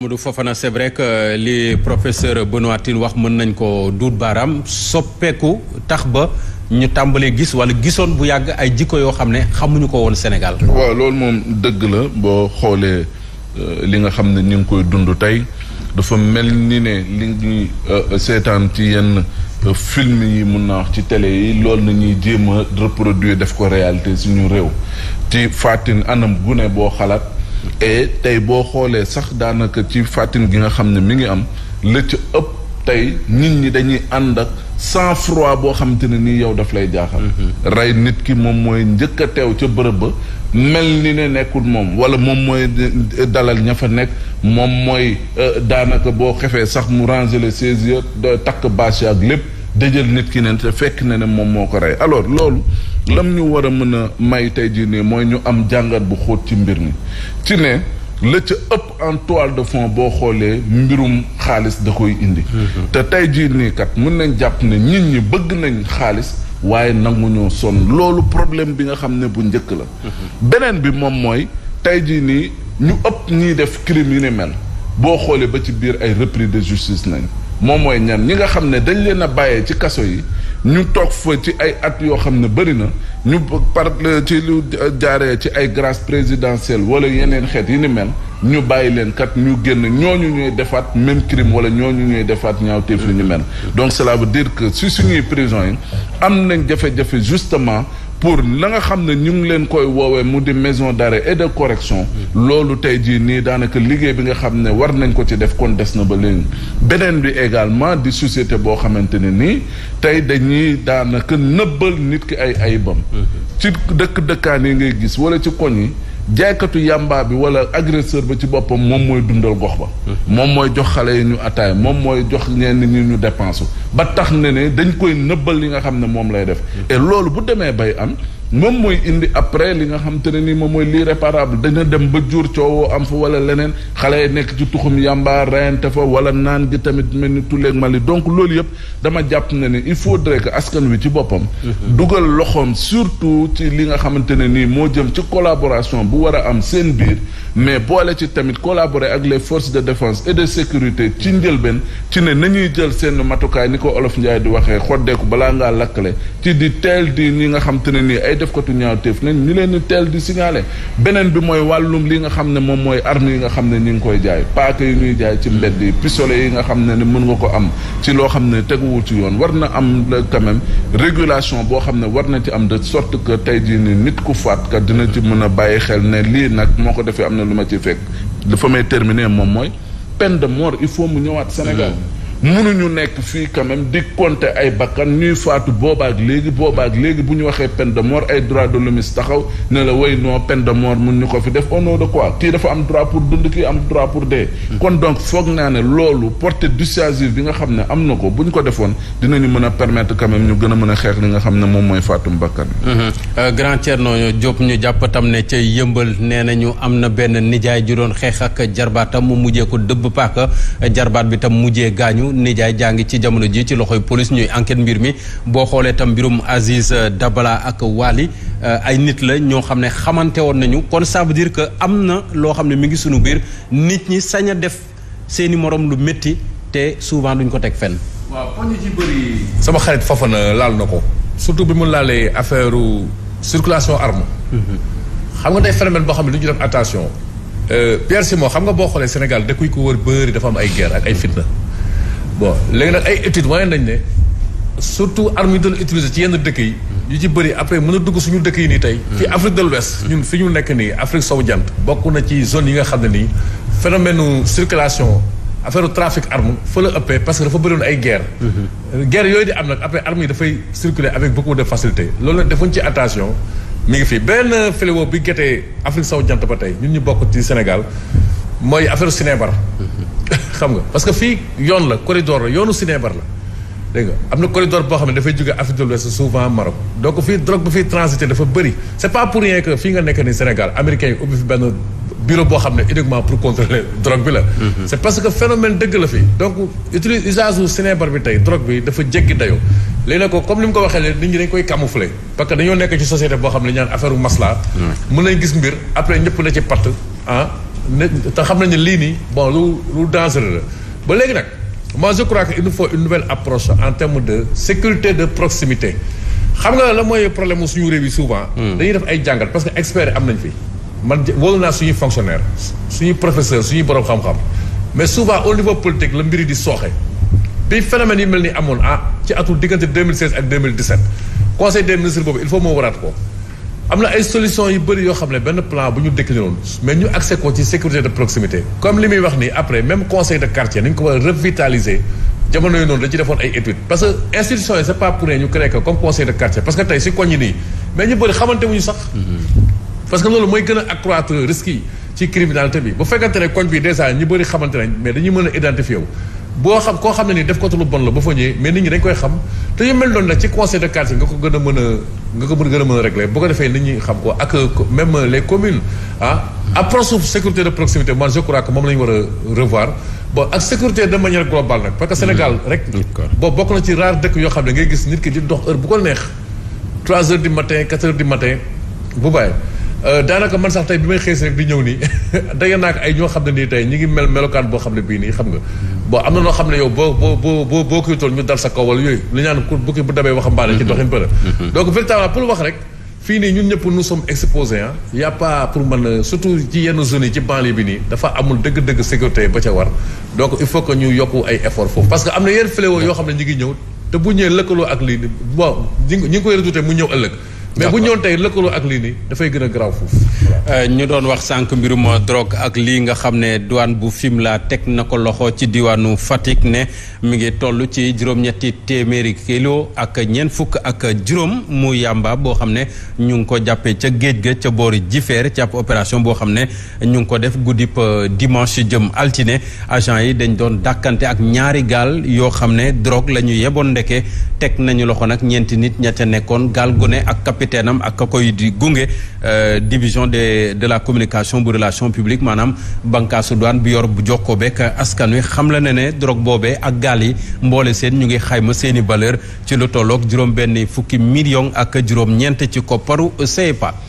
Amadou Fofana c'est vrai que euh, li professeur Benoît Tine wax mën nañ ko duut baaraam soppeeku tax ba ñu tàmbalee gis wala gisoon bu yàgg ay jikko yoo xam ne xamuñu ko woon Sénégal. waaw loolu moom dëgg la boo xoolee euh, li nga xam ne ñu ngi koy dund tey dafa mel ni ne li ñuy euh, seetaan ci yenn film yi mun na wax ci tele yi loolu na ñuy jéem a produit def ko réalité suñu réew ci fàttin anam gune boo xalaat. et tey boo xoolee sax daanaka ci fàttin gi nga xam ne mi ngi am la ëpp tey nit ñi dañuy ànd ak sang froid boo xamante ne nii yow daf lay jaaxal. Mm-hmm. rey nit ki moom mooy njëkk a teew ca bërëb ba mel ni ne nekkul moom wala moom mooy dalal ña fa nekk moom mooy euh, daanaka boo xefee sax mu ranger les chaises takk bâche ak lépp. dëjël nit ki ne te fekk na ne moom moo ko rey alors loolu lam ñu war a mën a may tey jii nii mooy ñu am jàngat bu xóot ci mbir mi ci ne la ca ëpp en toile de fond boo xoolee mbirum xaalis da koy indi mm-hmm. te tey jii nii kat mun nañ jàpp ne nit ñi bëgg nañ xaalis waaye nanguñoo sonn loolu problème bi nga xam ne bu njëkk la mm-hmm. beneen bi moom mooy tey jii nii ñu ëpp ñiy def crime yu ni mel boo xoolee ba ci biir ay repris de justice nañ moom mooy ñan ñi nga xam ne dañ leen a bàyyee ci kaso yi ñu toog fa ci ay at yoo xam ne bëri na ñu par ci lu jaaree ci ay grâce présidentielle wala yeneen xeet yi ni mel ñu bàyyi leen kat ñu génn ñooñu ñuy defaat même crime wala ñooñu ñuy defaat ñaawteef li ñu mel donc cela veut dire que si suñuy prison yi am nañ jafe-jafe justement pour la nga xam ne ñu ngi leen koy woowee mu di maison d'arrêt é de correction loolu tey jii nii daanaka liggéey bi nga xam ne war nañ ko ci def kon des na ba leen beneen bi également di société boo xamante ne nii tey dañuy daanaka nëbbal nit ki ay ayibam mm-hmm. ci dëkk dëkkaan yi ngay gis wala ci koñ yi jaaykatu yàmbaa bi wala agresseur ba ci boppam moom mooy dundal gox ba moom mooy jox xale yi ñu ataay moom mooy jox ñenn ñu dépense ba tax ne ne dañ koy nëbbal li nga xam ne moom lay def mm. loolu bu demee bay am moom mooy indi après li nga xam te ne ni moom mooy réparable dana dem ba jur coowoo am fa wala leneen xale yi nekk ci tuxum yàmba reyante fa wala naan gi tamit mel ni tuleeg Mali donc loolu yëpp dama jàpp ne ni il faudrait que askan wi ci boppam mhm. dugal loxoom surtout ci li nga xamante ne nii moo jëm ci collaboration bu war a am seen biir mais boole ci tamit collaborer ak les force de défense et de sécurité ci njëlbeen ci ne nañuy jël seen matukaay ni ko olof Njaay di waxee xoddeeku balaa ngaa lakkale ci di teel di ñi def ko tu ñaawteef nañ ñu leen teel di signaler beneen bi mooy wàllum li nga xam ne moom mooy arme yi nga xam ne ñu ngi koy jaay paaka yi ñuy jaay ci mbedd yi pistolet yi nga xam ne ne mën nga ko am ci loo xam ne teguwul ci yoon war na am quand régulation boo xam ne war na ci am de sorte que tey jii ni nit ku faat kat dina ci mën a bàyyi xel ne lii nag moo ko defee am na lu ma ci fekk dafa may terminer moom mooy peine de mort il faut mu ñëwaat Sénégal mënuñu nekk fii quand même di compter ay bakkan ñuy faatu boobaak léegi boobaak léegi bu ñu waxee peine de ay droit de l'homme taxaw ne la way non peine de mort mun ñu ko fi def au nom de quoi dafa am droit pour dund kii am droit pour dee kon donc foog naa ne loolu portée dissuasive bi nga xam ne am na ko bu ñu ko defoon dinañu mën a permettre quand même ñu gën a mën a xeex li nga xam ne moom mooy faatum bakkan euh, grand Thierno Diop ñu jàpp tam ne ca yëmbal nee nañu am na benn nijaay ju doon xeex ak jarbaatam mu mujjee ko dëbb paaka jarbaat bi tam mujjee gaañu daanu nijaay jàng ci jamono ji ci loxoy police ñuy enquête mbir mi boo xoolee tam mbirum Aziz euh, dabalaa ak waali euh, ay nit la ñoo xam ne xamante woon nañu kon ça veut dire que am na loo xam ne mi ngi suñu biir nit ñi sañ a def seeni moroom lu métti te souvent duñ ko teg fen waaw sama xarit Fofana laal na ko. surtout bi mu laalee affaire u circulation arme. Mm-hmm. xam nga day phénomène boo xam ne du ñu def attention. Euh, Pierre Simon xam nga boo xoolee Sénégal dëkk yu ko wër bëri dafa am ay guerre ak ay fitna. bon léegi nag ay études waaye nañ ne surtout armes yi doon utiliser ci yenn dëkk yi. yu ci bëri après mën a dugg suñu dëkk yi nii tey. ci Afrique de l'Ouest ñun fi ñu nekk nii Afrique sowu jant. bokk na ci zone yi nga xam ne nii phénomène circulation. affaire trafic arme fa la ëppee parce que dafa bëri woon ay guerre mhm. guerre yooyu di am nag après armes yi dafay circuler avec beaucoup de facilité loolu nag defuñ ci attention mi ngi fii benn fléau bi getee Afrique sowu jant ba tey ñun ñu bokk ci Sénégal mooy affaire Sinébar xam nga parce que fii yoon la corridor la yoonu Sinébar la dégg nga am na corridor boo xam ne dafay jóge Afrique de l'Ouest souvent Maroc donc fii drogue bi fii transité dafa bëri c'est pas pour rien que fii nga nekk ni Sénégal américain yi ubbi fi benn bureau boo xam ne uniquement pour contrôler drogue bi la mhm. c'est parce que phénomène dëgg la fii donc utilise usage u Sinébar bi tey drogue bi dafa jéggi dayoo léegi nag comme ni mu ko waxee le nit ñi dañ koy camoufler parce que dañoo nekk ci ne ñaan affaire u masla mën nañ gis mbir après ñëpp na ci patt ah. ne te xam nañ ne lii nii bon lu lu dangereux la ba léegi nag moi je crois que il nous faut une nouvelle approche en termes de sécurité de proximité xam nga la mooy problème suñu réew yi souvent. Hmm. dañuy def ay jàngat parce que experts am nañ fi. man wóolu naa suñu fonctionnaire suñu professeur suñuy borom xam-xam mais souvent au niveau politique la mbiri di sooxe bi phénomène yi mel ni amoon ah ci atul diggante 2016 ak 2017 conseil des ministres boobu il faut moo waraat ko. am na ay solution yu bëri yoo xam ne benn plan bu ñu décliné woon mais ñu accès ko ci sécurité de proximité comme li muy wax nii après même conseil de quartier nañ ko war a revitaliser jamono yu noonu dañ defoon ay études parce que institution yi c' est pas pour ne ñu créé ko comme conseil de quartier parce que tey si koñ yi nii mais ñu bëri xamante wuñu sax mm-hmm. parce loolu mooy gën a accroître risques yi ci criminalité bi bu fekkante ne koñ bi dèjà ñu bëri xamante nañ mais dañuy mën a identifier wu boo xam koo xam ne ni def ko lu bon la ba fa ñëwee mais nit ñi dañ koy xam te yu mel noonu nag ci conseil de quartier nga ko gën a mën a nga ko gën a mën a régler bu ko defee nit ñi xam ko ak même les communes ah approche suuf je crois que moom la ñu war a revoir bon ak sécurité de manière globale nag parce que Sénégal mm-hmm. rek boo bokk na ci rare dëkk yoo xam ne ngay gis nit ki di dox heure bu ko neex trois heures du matin quatre heures du matin bu bàyyi euh, daanaka man sax tey bi may xëy si rek ñëw nii daje naa ak ay ñoo xam ne nii tey ñi ngi mel melokaan boo xam ne bii nii xam nga boo am na noo xam ne yow boo boo boo boo boo koy tool ñu dal sa kaw wala yooyu li ñaan ku bu bu dabee waxambaane ci doxin bëra mm-hmm. donc véritablement pour wax pour man surtout ci yenn zones yi ci banlieue bi nii dafa amul dëgg-dëgg sécurité ba ca war donc il faut que ñu yokk ay effort foofu parce que am na yenn fléau yoo xam ne ñu ngi ñëw te bu ñëwee lëkkaloo ak lii bon ñi ngi koy redouté mu ñëw ëllëg mais bu ñëwoon tey lëkkaloo ak lii nii dafay gën a garaaw foofu. Euh, ñu doon wax sànq mbirum drogue ak lii nga xam ne diwaan bu fim Fimela teg na ko loxo ci diwaanu Fatick ne mu ngi toll ci juróom-ñetti téeméeri kilo ak ñeent fukk ak juróom mu yàmba boo xam ne ñu ngi ko jàppee ca géej ga ca boori jifeer ci ab boo xam ne ñu ngi ko def guddib euh, dimanche jëm altine agent yi dañ doon dàkkante ak ñaari gaal yoo xam ne drogue la ñu yeboon ndekke teg nañu loxo nag ñeenti nit ña ca nekkoon gaal gone ne ak capitaine am ak ka di gunge euh, division de de la communication bu relation publique maanaam bànqaasu douane bi yor bu jokkoo beeg askan wi xam la na ne drogue boobee ak gaal yi mboole seen ñu ngi xayma seeni i valeur ci lu tollook juróom benn fukki million ak juróom ñeent ci kopparu CFA e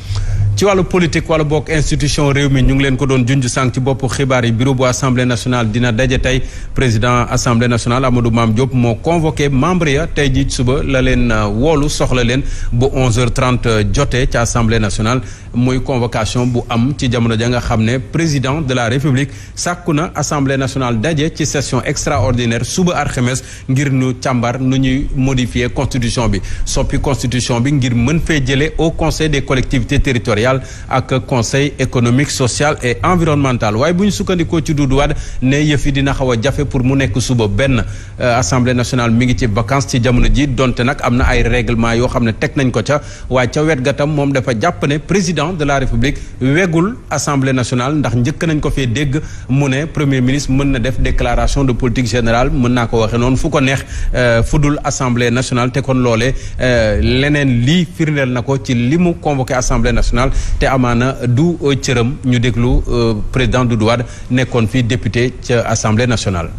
ci wàllu politique wala bokk institution réew mi ñu ngi leen ko doon junj sànq ci boppu xibaar yi bureau bu assemblée nationale dina daje tey président assemblée nationale Amadou maam Diop moo convoqué membre ya tey jii suba la leen euh, woolu soxla leen bu 11h30 euh, jotee ci assemblée nationale muy convocation bu am ci jamono ja nga xam ne président de la république sàkku na assemblée nationale daje ci session extraordinaire suba arxemes ngir ñu càmbar nu ñuy modifier constitution bi soppi constitution bi ngir mën fee jëlee au conseil des collectivités territoriales Sénégal ak conseil économique social et environnemental waaye bu ñu sukkandikoo ci Doudou Wade ne yëf yi dina xaw a jafe pour mu nekk suba benn euh, assemblée nationale mi ngi ci vacances ci jamono ji donte nag am na ay réglement yoo xam ne teg nañ ko ca waaye ca wet ga tam moom dafa jàpp ne président de la république wegul assemblée nationale ndax njëkk nañ ko fee dégg mu ne premier ministre mën na def déclaration de politique générale mën naa ko waxee noonu fu ko neex euh, fudul assemblée nationale te kon loolee euh, leneen lii firndeel na ko ci li mu convoqué assemblée nationale te amaana du euh, cëram ñu déglu euh, président du Wade nekkoon fi député ca assemblée nationale.